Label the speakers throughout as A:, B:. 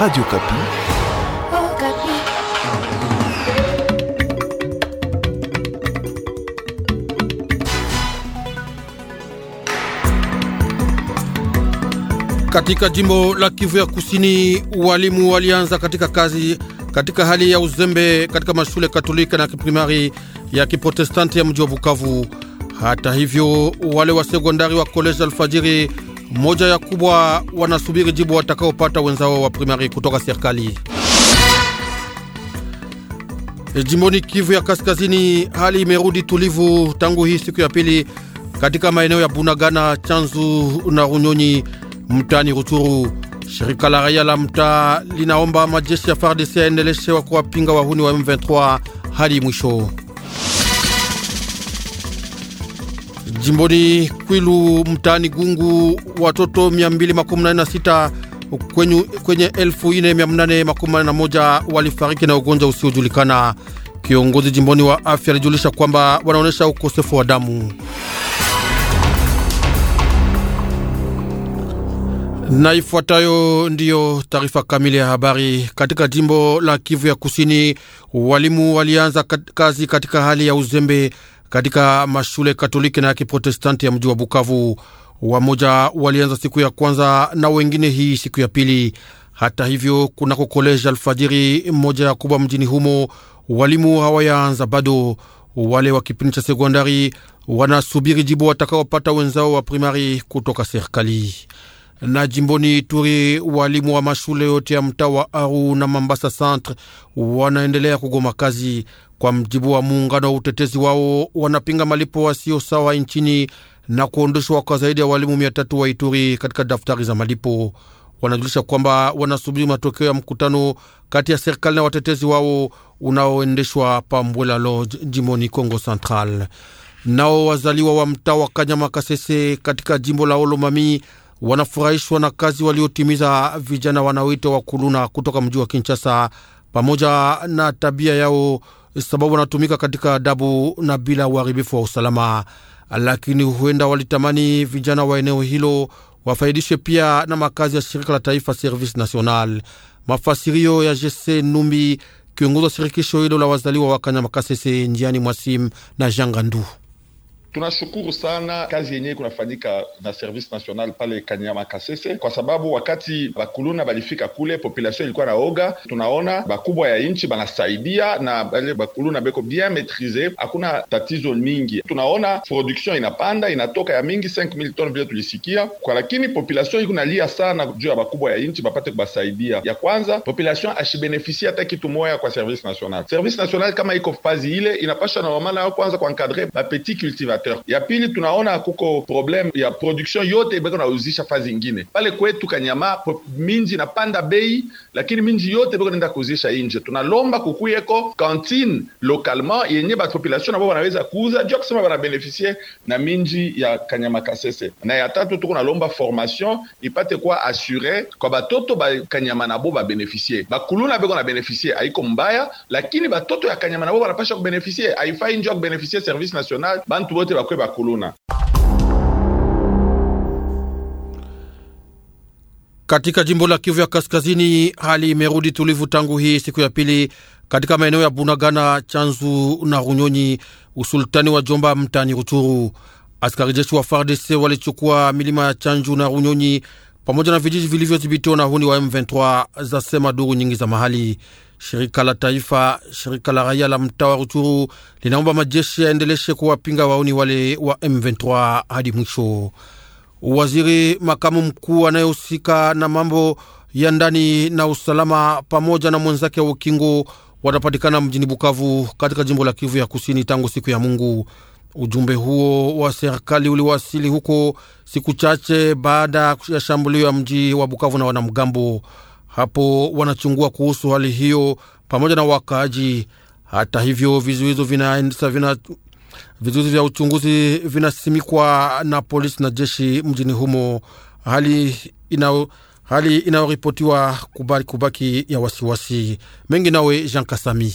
A: Radio Kapi. Oh, Kapi.
B: Katika jimbo la Kivu ya Kusini, walimu walianza katika kazi katika hali ya uzembe katika mashule Katolika na kiprimari ya Kiprotestanti ya mji wa Bukavu. Hata hivyo, wale wa sekondari wa koleji alfajiri moja ya kubwa wanasubiri jibu watakaopata wenzao wa primari kutoka serikali. E, jimboni Kivu ya Kaskazini, hali imerudi tulivu tangu hii siku ya pili katika maeneo ya Bunagana, Chanzu na Runyonyi mtani Ruchuru. Shirika la raia la mtaa linaomba majeshi ya FARDC yaendeleshe wa kuwapinga wahuni wa M23 hadi mwisho. Jimboni Kwilu mtaani Gungu watoto 286 kwenye, kwenye 4881 walifariki na ugonjwa usiojulikana. Kiongozi jimboni wa afya alijulisha kwamba wanaonyesha ukosefu wa damu. Na ifuatayo ndiyo taarifa kamili ya habari. Katika jimbo la Kivu ya Kusini, walimu walianza kazi katika hali ya uzembe katika mashule Katoliki na ya Kiprotestanti ya mji wa Bukavu. Wamoja walianza siku ya kwanza na wengine hii siku ya pili. Hata hivyo, kunako koleji alfajiri mmoja ya kubwa mjini humo walimu hawayaanza bado. Wale wa kipindi cha sekondari wanasubiri jibu watakaopata wenzao wa primari kutoka serikali. Na jimboni Ituri, walimu wa mashule yote ya mtaa wa Aru na Mambasa centre wanaendelea kugoma kazi. Kwa mjibu wa muungano wa utetezi wao, wanapinga malipo wasio sawa nchini na kuondoshwa kwa zaidi ya walimu mia tatu wa Ituri katika daftari za malipo. Wanajulisha kwamba wanasubiri matokeo ya mkutano kati ya serikali na watetezi wao unaoendeshwa Pambwela Lodge jimboni Congo Central. Nao wazaliwa wa mtaa wa Kanyama Kasese katika jimbo la Olomami wanafurahishwa na kazi waliotimiza vijana wanaoitwa wakuluna kutoka mji wa Kinshasa pamoja na tabia yao sababu wanatumika katika adabu na bila uharibifu wa usalama, lakini huenda walitamani vijana wa eneo hilo wafaidishe pia na makazi ya shirika la taifa Service National. Mafasirio ya gc Numbi, kiongozi wa shirikisho hilo la wazaliwa wa Kanyamakasese, njiani Mwasim na Jangandu.
C: Tunashukuru sana kazi yenyewe kunafanyika na Service National pale Kanyama Kasese, kwa sababu wakati bakuluna balifika kule, population ilikuwa na oga. Tunaona bakubwa ya nchi banasaidia na bale bakuluna beko bien maitrise, hakuna tatizo mingi. Tunaona production inapanda inatoka ya mingi 5000 ton vile tulisikia kwa, lakini population iko nalia sana juu ya bakubwa ya nchi bapate kubasaidia. Ya kwanza population ashibenefisia hata kitu moya kwa Service National. Service National kama iko fazi ile inapasha na wamana yao kwanza kwa ba petit cultivateur sector. Ya pili tunaona kuko problem ya production yote beko uzisha fazi ingine pale kwetu Kanyama, minji panda bei, lakini minji yote beko naenda kuuzisha inje. Tunalomba kukuyeko cantine localement yenye ba population nabo wanaweza kuuza jua kusema banabenefisie na minji ya Kanyama Kasese. Na ya tatu tuko nalomba formation ipate kuwa assure kwa batoto ba Kanyama nabo Ba kuluna beko na benefisie haiko mbaya, lakini batoto ya Kanyama nabo banapasha kubenefisie, haifai njua kubenefisie service national bantu bote bakwe bakuluna.
B: Katika jimbo la Kivu ya Kaskazini, hali imerudi tulivu tangu hii siku ya pili katika maeneo ya Bunagana, Chanzu na Runyonyi, usultani wa Jomba mtani Ruchuru. Askari jeshi wa FARDC walichukua milima ya Chanju na Runyonyi pamoja na vijiji vilivyodhibitiwa na hundi wa M23, zasema duru nyingi za mahali. Shirika la taifa, shirika la raia la mtaa wa Ruchuru linaomba majeshi yaendeleshe kuwapinga wauni wale wa M23 hadi mwisho. Waziri makamu mkuu anayehusika na mambo ya ndani na usalama pamoja na mwenzake wa ukingo watapatikana mjini Bukavu katika jimbo la Kivu ya Kusini tangu siku ya Mungu. Ujumbe huo wa serikali uliwasili huko siku chache baada ya shambulio ya mji wa Bukavu na wanamgambo hapo wanachungua kuhusu hali hiyo pamoja na wakaaji. Hata hivyo, vizuizo vina, vina, vizuizo vya uchunguzi vinasimikwa na polisi na jeshi mjini humo, hali ina hali inayoripotiwa kubaki, kubaki ya wasiwasi mengi. Nawe Jean Kasami.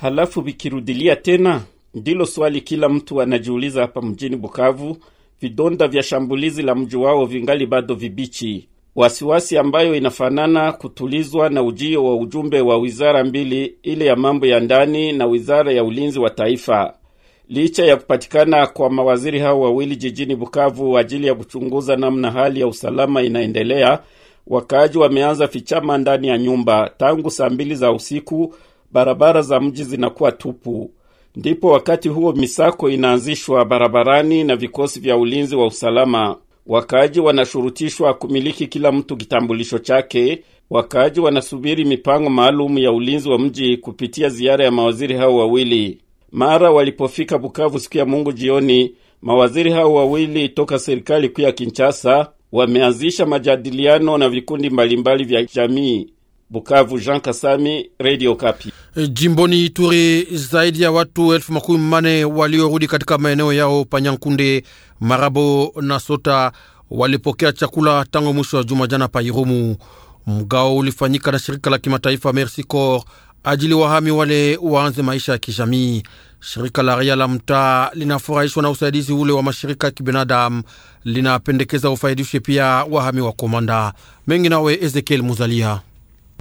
D: Halafu vikirudilia tena, ndilo swali kila mtu anajiuliza hapa mjini Bukavu. Vidonda vya shambulizi la mji wao vingali bado vibichi wasiwasi ambayo inafanana kutulizwa na ujio wa ujumbe wa wizara mbili, ile ya mambo ya ndani na wizara ya ulinzi wa taifa. Licha ya kupatikana kwa mawaziri hao wawili jijini Bukavu ajili ya kuchunguza namna hali ya usalama inaendelea, wakaaji wameanza fichama ndani ya nyumba tangu saa mbili za usiku. Barabara za mji zinakuwa tupu, ndipo wakati huo misako inaanzishwa barabarani na vikosi vya ulinzi wa usalama. Wakaaji wanashurutishwa kumiliki kila mtu kitambulisho chake. Wakaaji wanasubiri mipango maalum ya ulinzi wa mji kupitia ziara ya mawaziri hao wawili. Mara walipofika Bukavu siku ya Mungu jioni, mawaziri hao wawili toka serikali kuu ya Kinshasa wameanzisha majadiliano na vikundi mbalimbali vya jamii. Bukavu, Jean Kasami, Radio Kapi.
B: E, jimboni Ituri, zaidi ya watu elfu makumi mane waliorudi katika maeneo yao Panyankunde, Marabo na Sota walipokea chakula tangu mwisho wa juma jana Pairumu. Mgao ulifanyika na shirika la kimataifa Mercy Corps ajili wahami wale waanze maisha ya kijamii. Shirika la raia la mtaa linafurahishwa na usaidizi ule wa mashirika ya kibinadamu, linapendekeza ufaidishe pia wahami wa Komanda mengi. Nawe Ezekiel Muzalia.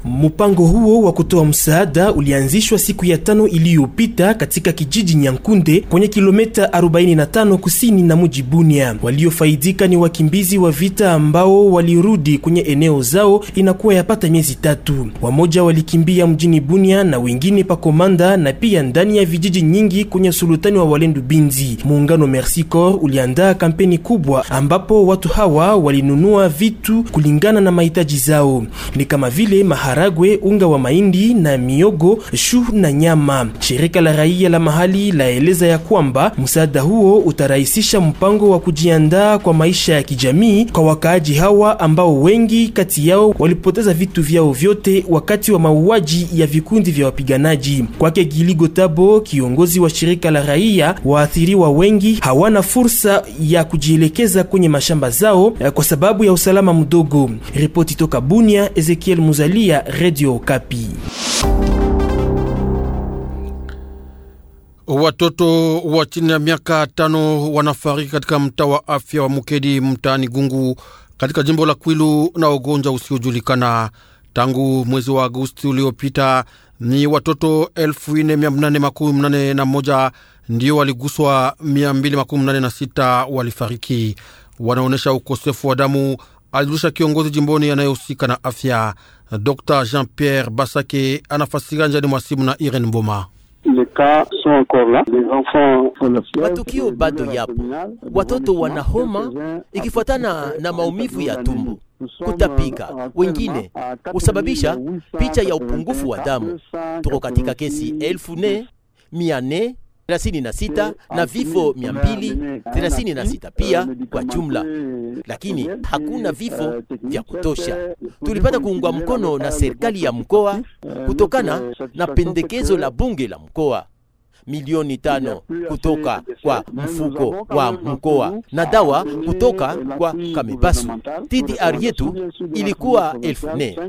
A: Mpango huo wa kutoa msaada ulianzishwa siku ya tano iliyopita katika kijiji Nyankunde kwenye kilomita 45 kusini na mji Bunia. Waliofaidika ni wakimbizi wa vita ambao walirudi kwenye eneo zao, inakuwa yapata miezi tatu. Wamoja walikimbia mjini Bunia na wengine pa Komanda na pia ndani ya vijiji nyingi kwenye sultani wa Walendu Binzi. Muungano Merci Corps uliandaa kampeni kubwa ambapo watu hawa walinunua vitu kulingana na mahitaji zao, ni kama vile mahara maharagwe, unga wa mahindi na miogo, shu na nyama. Shirika la raia la mahali laeleza ya kwamba msaada huo utarahisisha mpango wa kujiandaa kwa maisha ya kijamii kwa wakaaji hawa ambao wengi kati yao walipoteza vitu vyao vyote wakati wa mauaji ya vikundi vya wapiganaji. Kwake Giligo Tabo, kiongozi wa shirika la raia, waathiriwa wengi hawana fursa ya kujielekeza kwenye mashamba zao eh, kwa sababu ya usalama mdogo. Ripoti toka Bunia, Ezekiel Muzalia ya Radio Kapi.
B: Watoto wa chini ya miaka tano wanafariki katika mtaa wa afya wa Mukedi mtaani Gungu katika jimbo la Kwilu na ugonjwa usiojulikana tangu mwezi wa Agosti uliopita. Ni watoto elfu ndio waliguswa, 286 walifariki. Wanaonyesha ukosefu wa damu alijulisha kiongozi jimboni anayehusika na afya Dr Jean Pierre Basake. Anafasira njani simu na Irene Mboma.
E: Matukio bado yapo, watoto wana homa ikifuatana na maumivu ya tumbo, kutapika, wengine husababisha picha ya upungufu wa damu. Tuko katika kesi elfu nne mia nne 36 na vifo sita pia kwa jumla, lakini hakuna vifo vya kutosha. Tulipata kuungwa mkono na serikali ya mkoa kutokana na pendekezo la bunge la mkoa milioni tano kutoka kwa mfuko wa mkoa na dawa kutoka eh, kwa kamebasu TDR yetu ilikuwa elfu nne.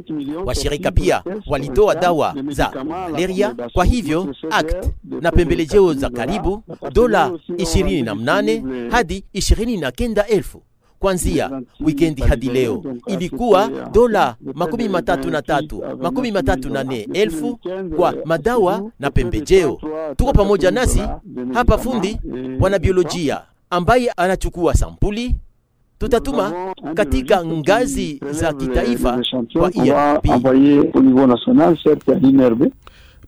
E: Washirika pia walitoa dawa za malaria, kwa hivyo act na pembelejeo za karibu dola ishirini na mnane hadi ishirini na kenda elfu kuanzia wikendi hadi leo ilikuwa dola makumi matatu na tatu makumi matatu na nne elfu kwa madawa na pembejeo. Tuko pamoja nasi
D: hapa fundi
E: wanabiolojia ambaye anachukua sampuli tutatuma katika ngazi za kitaifa kwa
D: e IRB.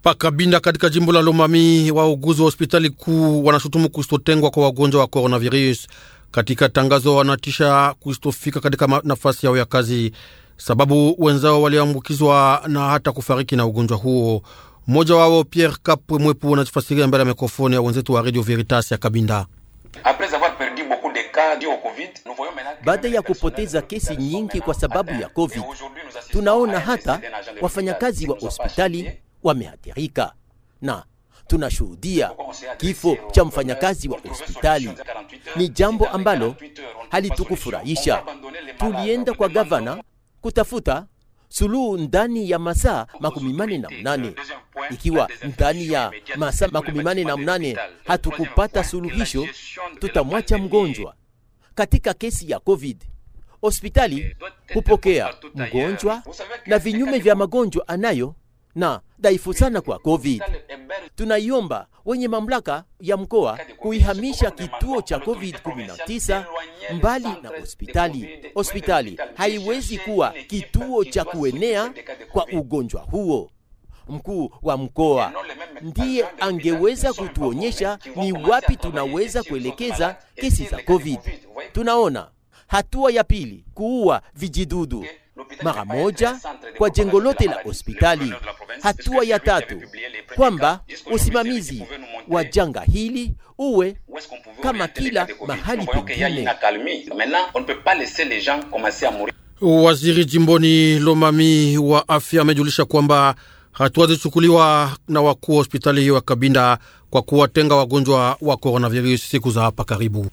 B: Pakabinda katika jimbo la Lomami, wauguzi wa hospitali kuu wanashutumu kustotengwa kwa wagonjwa wa coronavirus. Katika tangazo, wanatisha kustofika katika nafasi yao ya kazi, sababu wenzao waliambukizwa na hata kufariki na ugonjwa huo. Mmoja wao Pierre Kapwe Mwepu anajifasiria mbele ya mikrofoni ya wenzetu wa Radio Veritas ya Kabinda.
E: Baada ya kupoteza kesi nyingi kwa sababu ya COVID, tunaona hata wafanyakazi wa hospitali wameathirika, na tunashuhudia kifo cha mfanyakazi wa hospitali. Ni jambo ambalo halitukufurahisha. Tulienda kwa gavana kutafuta suluhu ndani ya masaa makumi mane na mnane. Ikiwa ndani ya masaa makumi mane na mnane hatukupata suluhisho, tutamwacha mgonjwa. Katika kesi ya COVID hospitali hupokea mgonjwa na vinyume vya magonjwa anayo na dhaifu sana kwa COVID. Tunaiomba wenye mamlaka ya mkoa kuihamisha kituo cha COVID-19 mbali na hospitali. Hospitali haiwezi kuwa kituo cha kuenea kwa ugonjwa huo. Mkuu wa mkoa ndiye angeweza kutuonyesha ni wapi tunaweza kuelekeza kesi za COVID. Tunaona hatua ya pili, kuua vijidudu mara moja kwa jengo lote la hospitali. Hatua ya tatu kwamba
B: usimamizi wa janga
D: hili uwe kama kila mahali pengine.
B: Waziri jimboni Lomami wa afya amejulisha kwamba hatua zilichukuliwa na wakuu wa hospitali hiyo ya Kabinda kwa kuwatenga wagonjwa wa coronavirus siku za hapa karibu.